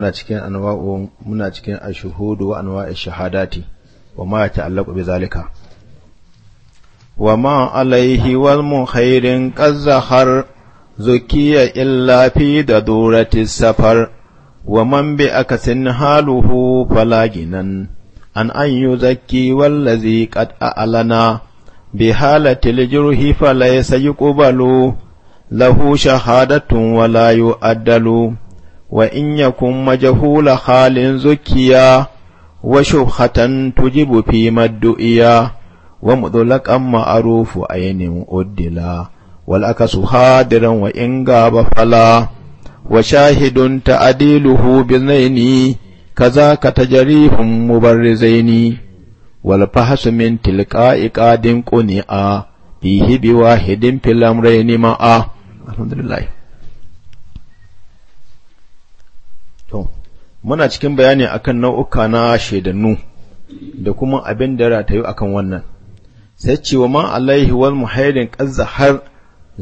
muna cikin anwa'u muna cikin ashuhudu wa anwa'i shahadati wa ma ta'allaqu bi zalika wa ma alaihi wal mukhairin qazahar zukiya illa fi dadurati safar wa man bi akasin haluhu falaginan an an yuzakki wallazi qad a'lana bi halatil jurhi falaysa yuqbalu lahu shahadatun la yu'addalu Wa in ya kuma halin zukiya wa shi bukatan tujibu fi maɗu'iyya wa mudaulaƙa ma'arofu a yin oddila wala aka su wa ƙyanga ba fala wa sha hidinta Adeeluhu ba kaza ka ta jaririn mu bar zai yi ni? bihi biwa hidin filamarai ne ma'a? muna cikin bayani akan nau'uka na shaidannu da kuma abin da ratayu akan wannan sai ce wa ma alaihi wal muhaidin qazza har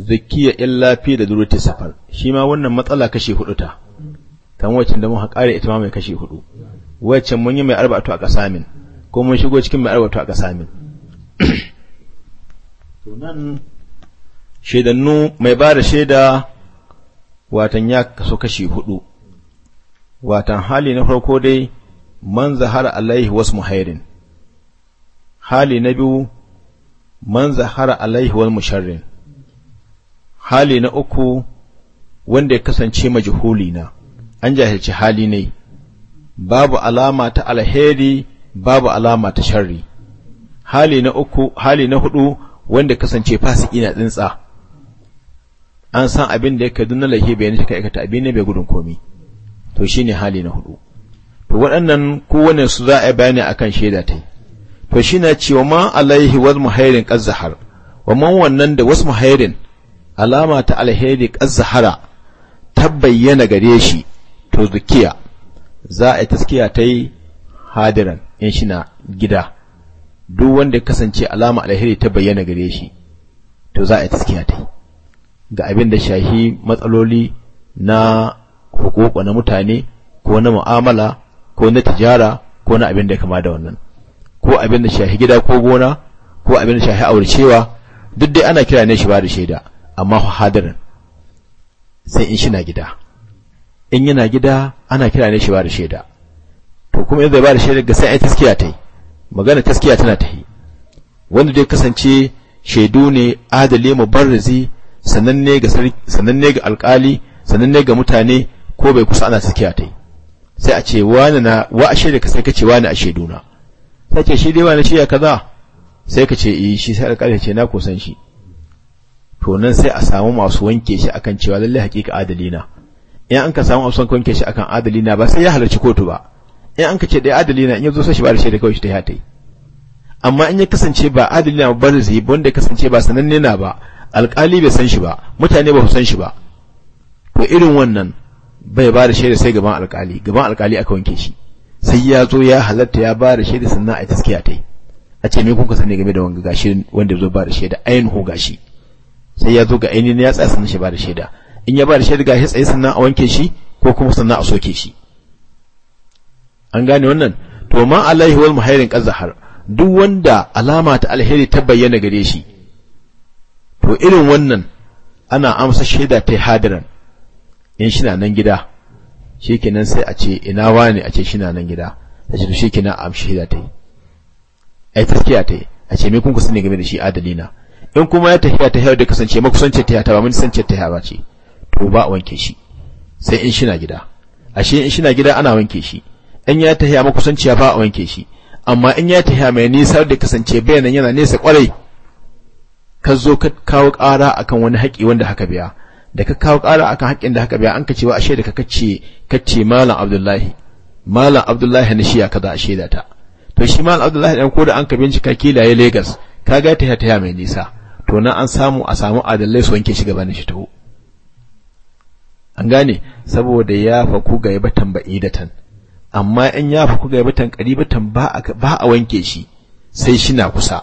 zakiya illa fi da durati safar shi ma wannan matsala kashe hudu ta kan wacce da muka kare ita ma mai kashe hudu wacce mun yi mai arba'atu a kasamin ko mun shigo cikin mai arba'atu a kasamin to nan shaidannu mai ba da shaida watan ya kaso kashi hudu watan hali na farko dai man zahara alaihi wasu muhairin hali na biyu man zahara alaihi wal musharrin hali na uku wanda ya kasance majhuli na an jahilci hali ne babu alama ta alheri babu alama ta sharri hali na uku hali na hudu wanda kasance fasiki na tsinsa an san abin da yake dunna lahi bayan shi ka aikata abin ne bai gudun komai to shine hali na hudu to waɗannan kowane su za a bayani akan shaida ta to shi na cewa ma alaihi wal muhairin qazzahar wa man wannan da wasu muhairin alama ta alheri qazzahara ta bayyana gare shi to zukiya za a yi taskiya ta yi hadiran in shi na gida duk wanda kasance alama alheri ta bayyana gare shi to za a yi taskiya ta yi ga abin da shahi matsaloli na hukuku na mutane ko na mu'amala ko na tijara ko na abin da ya kama da wannan ko abin da shahi gida ko gona ko abin da shahi aurcewa duk dai ana kira ne shi ba da shaida amma hadirin sai in shi na gida in yana gida ana kira ne shi ba da shaida to kuma in ba da shaida ga sai ai taskiya ta yi magana taskiya tana ta yi wanda dai kasance shaidu ne adali barrazi sananne ga sananne ga alkali sananne ga mutane ko bai kusa ana sakiya ta yi sai a ce wani na wa a shirya ka sai ka ce wani a shaiduna sai ce shi dai wani ya kaza sai ka ce eh shi sai ya ce na kusan shi to nan sai a samu masu wanke shi akan cewa lallai hakika adali na in an ka samu masu wanke shi akan adali na ba sai ya halarci kotu ba in an ka ce dai adali na in ya zo sai shi ba da shaida kawai shi ta yi ta yi amma in ya kasance ba adali na ba zai wanda ya kasance ba sananne na ba alƙali bai san shi ba mutane ba su san shi ba to irin wannan bai ba da shaida sai gaban alkali gaban alkali aka wanke shi sai ya zo ya halatta ya ba da shaida sannan a taskiya ta yi a ce me kuka sani game da wanga gashi wanda zo ba da shaida ainihu gashi sai ya zo ga ainihin ya tsaya sannan shi ba da shaida in ya ba da shaida gashi tsaye sannan a wanke shi ko kuma sannan a soke shi an gane wannan to ma alaihi wal muhairin qazahar duk wanda alama ta alheri ta bayyana gare shi to irin wannan ana amsa shaida ta hadiran in shi na nan gida shikenan sai a ce ina wani a ce shi na nan gida ta ce shi kenan a shahida ta yi ai taskiya ta yi a ce me kun kusa ne game da shi adali na in kuma ya tafiya ta hayar da kasance makusance ta ta ba mun sance ta ba ce to ba a wanke shi sai in shi na gida shi in shi na gida ana wanke shi in ya tafiya makusanciya ba a wanke shi amma in ya tafiya mai nisa da kasance bayanan yana nesa kwarai ka zo ka kawo kara akan wani haƙi wanda haka biya da ka kawo ƙara akan haƙƙin da haka biya an ka wa ashe da ka kace kace malam abdullahi malam abdullahi na shi ya kaza a shaida ta to shi malam abdullahi dan ko da an ka bincika kila ya lagos ka ga ta ta mai nisa to na an samu a samu adalai su wanke shi gabanin shi taho an gane saboda ya ku ga yaba tambayi da tan amma in ya ku ga yaba tan qaribatan ba ba a wanke shi sai shi na kusa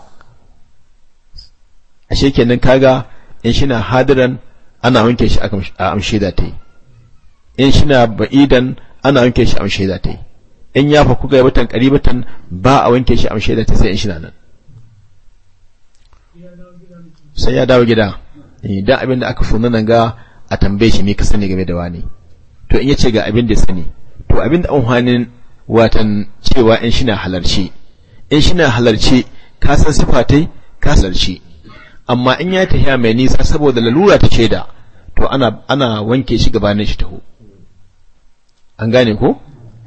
ashe kenan kaga in shi na hadiran ana wanke shi a amshe da ta yi in shi na ba'idan ana wanke shi a amshe da ta yi in ya fa kuka kari watan ba a wanke shi a amshe da ta sai in shi na nan sai ya dawo gida idan eh, abin da aka funa nan ga a tambaye shi me ka sani game da wani to in ya ce ga abin da sani to abin da amfanin watan cewa in shi na halarci in shi na halarci ka san sifatai ka halarci amma in ya yi tafiya mai nisa saboda lalura ta shaida to ana wanke shi gabanin shi taho an gane ko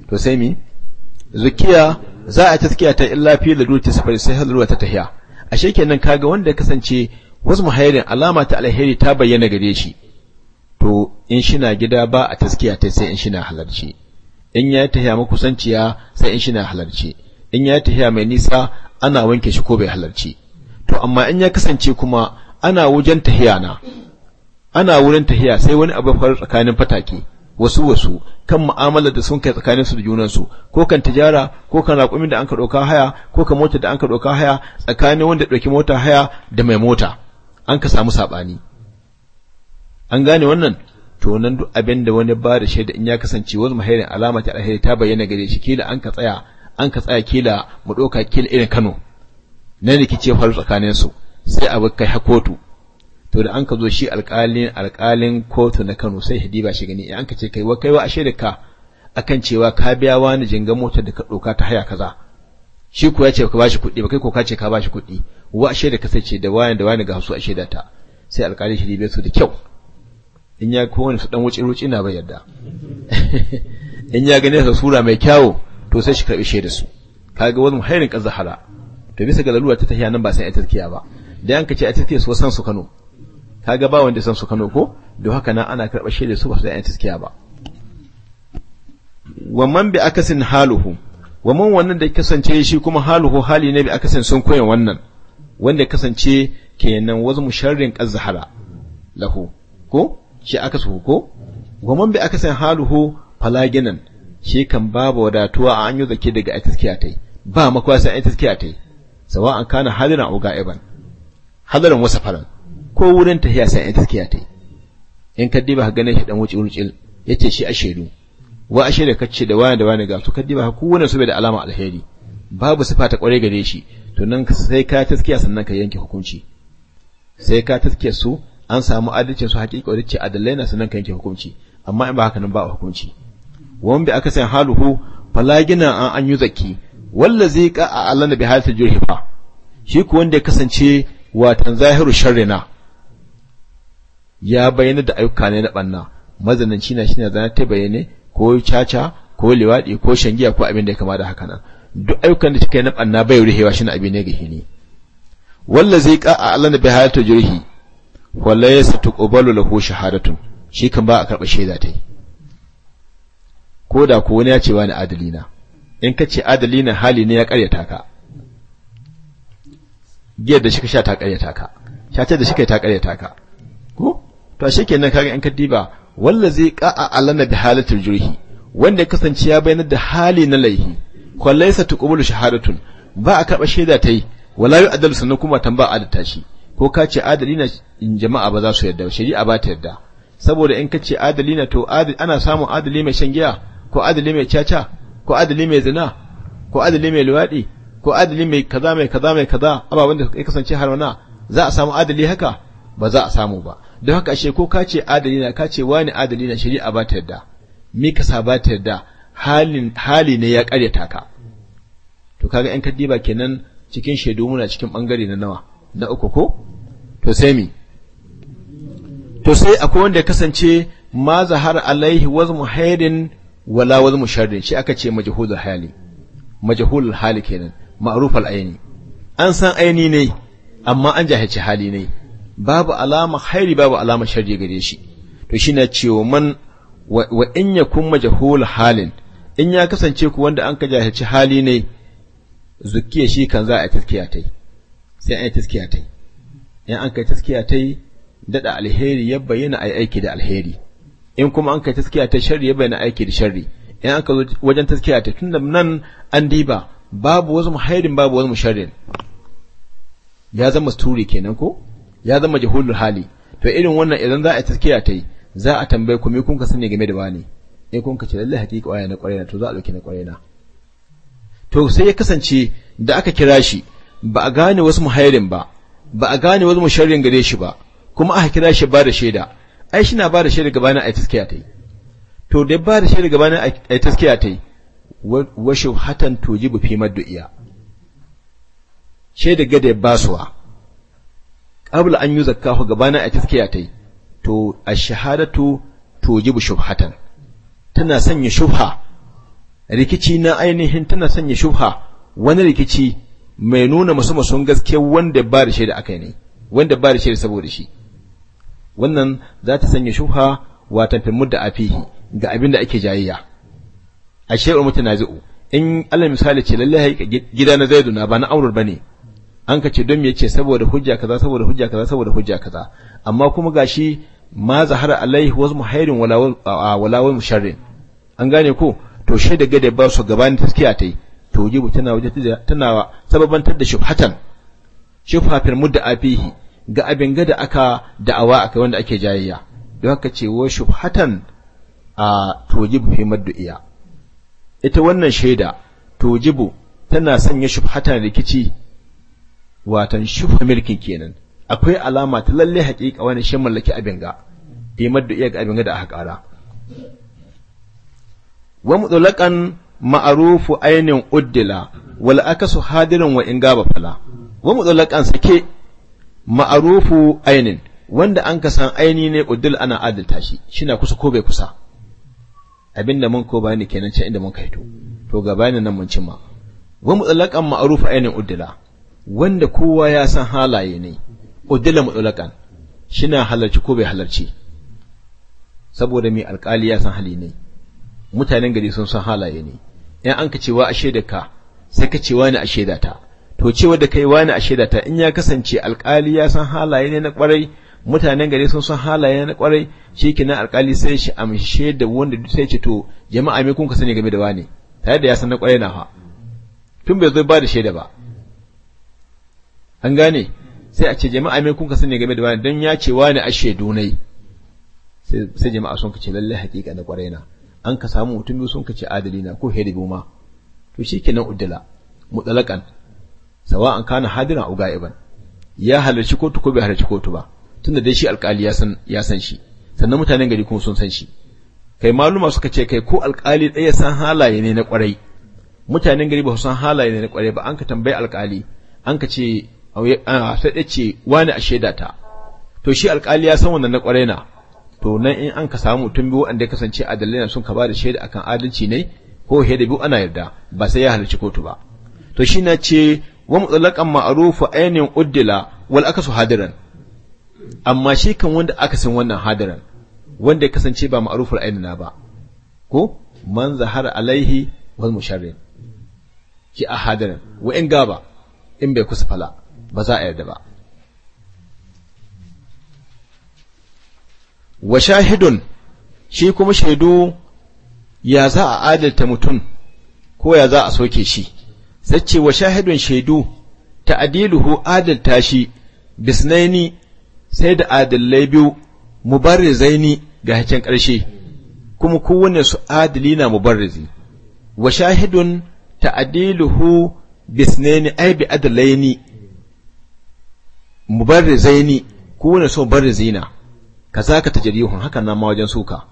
to sai mi zukiya za a taskiya ta illa fi lalura ta safari sai lalura ta tahiya ashe kenan kaga wanda ya kasance wasu muhairin alama ta alheri ta bayyana gare shi to in shina gida ba a taskiya ta sai in shina halarci in ya yi tahiya makusanciya sai in shina halarci in ya yi tahiya mai nisa ana wanke shi ko bai halarci to amma in ya kasance kuma ana wajen tahiya na ana wurin tahiya sai wani abu faru tsakanin fataki wasu wasu kan mu'amala da sun kai tsakanin su da junan su ko kan tijara ko kan raƙumin da an ka ɗauka haya ko kan mota da an ka ɗauka haya tsakanin wanda ɗauki mota haya da mai mota an ka samu saɓani an gane wannan to nan duk abin da wani ba da shaida in ya kasance wasu mahairin alama ta alheri ta bayyana gare shi kila an ka tsaya an ka tsaya kila mu ɗauka kila irin Kano na rikice faru tsakanin su sai abu kai ha kotu to da an ka zo shi alƙalin alƙalin kotu na Kano sai Hadiba shi gani eh, an ka ce kai wa kai wa ashe da ka akan cewa ka biya wani jinga motar da ka doka ta haya kaza shi ko ya ce ka bashi kuɗi ba kai ko ka ce ka bashi kuɗi wa ashe da ka sai ce da wayan da wani ga su ashe da ta sai alƙalin shi ribe su da kyau in ya wani su dan wuce ruci na bai yarda in ya gane su sura mai kyau to sai shi karbi shaidar su kaga wani hairin kazahara to bisa ga lalura ta tahiya nan ba sai a tazkiya ba da yanka ce a tazkiya su san su Kano kaga ba wanda san su Kano ko don haka nan ana karɓar shaidar su ba su da yan ba wa man bi akasin haluhu wa man wannan da kasance shi kuma haluhu hali ne bi akasin sun koya wannan wanda kasance kenan wasu musharrin qazhara lahu ko shi akasu ko wa man bi akasin haluhu falaginan shi kan babu wadatuwa a an yi zake daga atiskiya tai ba makwasa atiskiya tai an kana hadiran aw ga'iban hadaran wasa faran ko wurin ya sai in taskiya tai in kaddi ba gane shi dan wuce wuce yace shi ashedu wa ashedu kacce da wani da wani ga su kaddi ba ku wannan su bai da alama alheri babu sifa ta kware gare shi to nan sai ka taskiya sannan ka yanke hukunci sai ka taskiya su an samu adalci su haƙiƙa wadace adalai na sannan ka yanke hukunci amma in ba haka nan ba hukunci wanda aka san haluhu falaginan an an yi zaki zai Allah na alana bi halati ba shi ku wanda ya kasance watan zahiru sharrina ya bayyana da ayyuka ne na banna mazananci na shine zan ta bayyane ko caca ko liwaɗi ko shangiya ko abin da ya kama da haka nan duk ayyukan da suka yi na banna bai rihewa shine abin ne gihini wallazi qa'a alana ya halati jurhi walaysa tuqbalu lahu shahadatun shi kan ba a karba shaida tai ko da ko wani ya ce wani adalina. na in ka ce adali na hali ne ya karyata ka giyar da shi ka sha ta karyata ka shatar da shi kai ta karyata ka ko to shikenan kaga in ka diba zai qa'a alana bi halatul jurhi wanda ya kasance ya bayyana da hali na laihi kwallaisa tuqbulu shahadatun ba a karɓa shaida yi wala yu'adalu sannan kuma tamba adalta shi ko ka ce adali na jama'a ba za su yarda shari'a ba ta yarda saboda in ka ce adali na to ana samun adali mai shan giya ko adali mai caca ko adali mai zina ko adali mai luwaɗi ko adali mai kaza mai kaza mai kaza ababen da ya kasance har wana za a samu adali haka ba za a samu ba don haka ashe ko ka ce adali na ka ce wani adali na shari'a ba ta yarda mi ka sa ba ta yarda hali ne ya karyata ka to kaga yan kaddiba kenan cikin shaidu muna cikin bangare na nawa na uku ko to sai mi to sai akwai wanda ya kasance ma zahara alaihi wazmu haidin wala wal musharrin shi aka ce majhulul hali majhulul hali kenan ma'rufal aini an san aini ne amma an jahilci hali ne babu alama khairi babu alama sharri gare shi to shi na cewa man wa in yakun majhul halin in ya kasance ku wanda an ka jahilci hali ne zukiya shi kan za a taskiya tai sai an yi taskiya tai in an ka taskiya tai dada alheri ya bayyana yi aiki da alheri in kuma an kai taskiya ta shari ya bayyana aiki da shari in aka zo wajen taskiya ta tunda nan an diba babu wasu muhairin babu wasu musharrin ya zama sturi kenan ko ya zama jahulul hali to irin wannan idan za a taskiya ta yi za a tambaye ku me kun ka sani game da wani in kun ka ce lalle hakika waya na kwarena to za a dauke na kwarena to sai ya kasance da aka kira shi ba a gane wasu muhairin ba ba a gane wasu musharrin gare shi ba kuma aka kira shi ba da shaida ai shi na ba da shaida gabanin a taskiya ta yi to da ba da shaida gabanin a taskiya ta yi wa shubhatan tujibu fi maddu'iya shaida ga da ya basuwa qabla an yuzakkahu gabanin a taskiya ta yi to a shahadatu tujibu shubhatan tana sanya shubha rikici na ainihin tana sanya shubha wani rikici mai nuna musu musun gaske wanda ba da shaida yi ne wanda ba da shaida saboda shi wannan za ta sanya shuha wa tamfin mudda a fi ga abin da ake jayayya a na mutanazi'u in alal misali ce lallai gida na zaidu na ba na aurur bane an ka ce don me yace saboda hujja kaza saboda hujja kaza saboda hujja kaza amma kuma gashi ma zahara alaihi wasu muhairin wala wal musharrin an gane ko to da gade ba su gabanin taskiya tai to jibu tana waje tana sababantar da shubhatan shubha fil mudda afihi ga abin ga da aka da'awa kai wanda ake jayayya don haka ce wa shubhatan a tujibu fi maddu'iya ita wannan shaida tujibu tana sanya shubhatan rikici watan shubha milkin kenan akwai alama ta lalle haƙiƙa wani shi mallaki abin ga fi maddu'iya ga abin ga da aka ƙara wa mutlaqan ma'arufu ainin uddila wal akasu hadirin wa in gaba fala wa mutlaqan sake ma'arufu ainin wanda an ka san aini ne udul ana adalta shi shina kusa ko bai kusa abinda mun ko bayani kenan can inda mun kai to ga bayanin nan mun cimma wa mutlaqan ma'ruf ainin udula wanda kowa ya san halaye ne udula mutlaqan shina halarci ko bai halarci saboda mai alkali ya san hali ne mutanen gari sun san halaye ne in an ka cewa a da ka sai ka cewa ni a shaida ta to cewa da kai wani a shaida ta in ya kasance alkali ya san halaye ne na kwarai mutanen gari sun san halaye na kwarai shikenan alkali sai shi amshe da wanda sai ce to jama'a me kun ka sani game da wani tare da ya san na kwarai na fa tun bai zo ba da shaida ba an gane sai a ce jama'a me kun ka sani game da wani dan ya ce wani a shaidu sai jama'a sun kace lalle hakika na kwarai na an ka samu mutum biyu sun kace adalina ko hedi goma to shikenan uddala mutlaqan an kana hadiran au ga'iban ya halarci kotu ko bai halarci kotu ba tunda dai shi alkali ya san ya san shi sannan mutanen gari kuma sun san shi kai maluma suka ce kai ko alkali ɗaya san halaye ne na kwarai mutanen gari ba su san halaye ne na kwarai ba an ka tambayi alkali an ka ce sai ɗaya ce wani a shaida ta to shi alkali ya san wannan na kwarai na to nan in an ka samu mutum biyu wanda ya kasance adalai na sun ka bada da shaida akan adalci ne ko da biyu ana yarda ba sai ya halarci kotu ba to shi na ce wa mutlaqan ma'rufu ainihin uddila wal su hadiran amma shi kan wanda aka san wannan hadiran wanda ya kasance ba ma'ruful ainina ba ko man zahara alaihi wal musharrin ki a hadiran wa in gaba in bai kusa fala ba za a yarda ba wa shahidun shi kuma shaidu ya za a adalta mutum ko ya za a soke shi zace wa shahidun shaidu adiluhu adalta shi bisnaini sai da adalai biyu mubarrizaini ga hakin ƙarshe kuma kowanne su adali na mubarrizi wa shahidun adiluhu bisnaini ai bi adalaini mubarrizaini kowanne su mubarrizina kazaka tajrihun hakan na ma wajen suka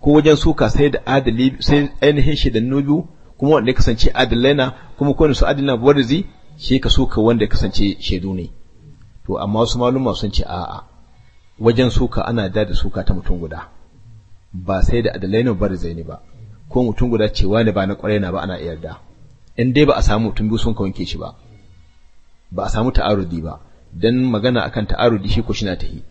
ko wajen suka sai da adali sai ainihin shi da nubu kuma wanda ya kasance adalai kuma kowane su adalai na warzi shi ka suka wanda ya kasance shaidu ne to amma wasu maluma sun ce a'a wajen suka ana da da suka ta mutum guda ba sai da adalai na barzai ne ba ko mutum guda cewa ne ba na kwarai na ba ana yarda in dai ba a samu mutum biyu sun ka wanke shi ba ba a samu ta'arudi ba dan magana akan ta'arudi shi ko shi na tahi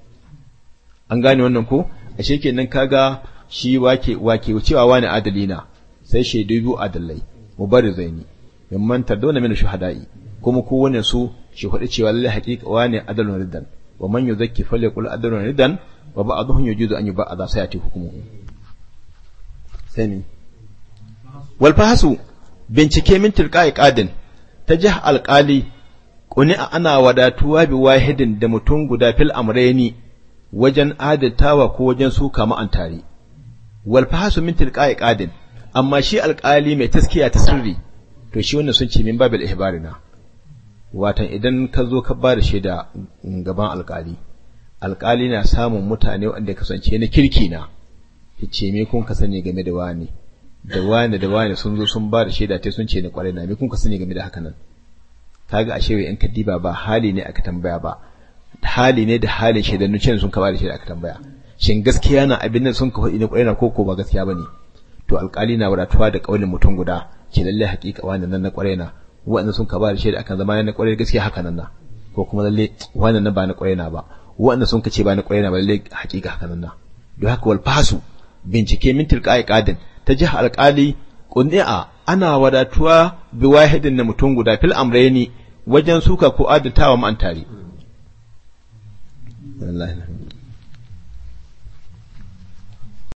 an gane wannan ko ashe kenan kaga shi wake wake cewa wani adalina. sai shaidu biyu adalai mu bari mubarrizaini mimman tardawna min shuhada'i kuma wani su shi faɗi cewa lallai haƙiƙa wani adalun riddan wa man yuzakki falyaqul adalun riddan wa adhun yujudu an yub'adha sayati hukumu. sani wal fahasu bincike min tilqa'i qadin tajah alqali kuni ana wadatuwa bi wahidin da mutum guda fil amrayni wajen adatawa ko wajen suka ma'antari wal fahasu min tilqa'i qadin amma shi alƙali mai taskiya ta sirri to shi wannan sun ce min babil ihbarina watan idan ka zo ka ba da shaida gaban alƙali alƙali na samun mutane wanda sance na kirki na ce me kun ka sani game da wani da wani da wani sun zo sun ba da shaida ta sun ce ni kwarai na me kun ka sani game da haka nan kaga ashe wai in ka diba ba hali ne aka tambaya ba hali ne da halin shaidannu ce sun ka ba da shaida aka tambaya shin gaskiya na abin nan sun ka faɗi ne kwarai na koko ba gaskiya bane to alkali na wadatuwa da kaulin mutum guda ce lalle hakika wannan nan na kware na wa'anda sun ka ba da shaida akan zama na kware gaskiya haka nan na ko kuma lalle wannan nan ba na kware na ba wa'anda sun ka ce ba na kware na ba lalle hakika haka nan na don haka wal fasu bincike min tilqa'i qadin ta jiha alkali qunni'a ana wadatuwa bi wahidin na mutum guda fil amrayni wajen suka ko adatawa ma'an tare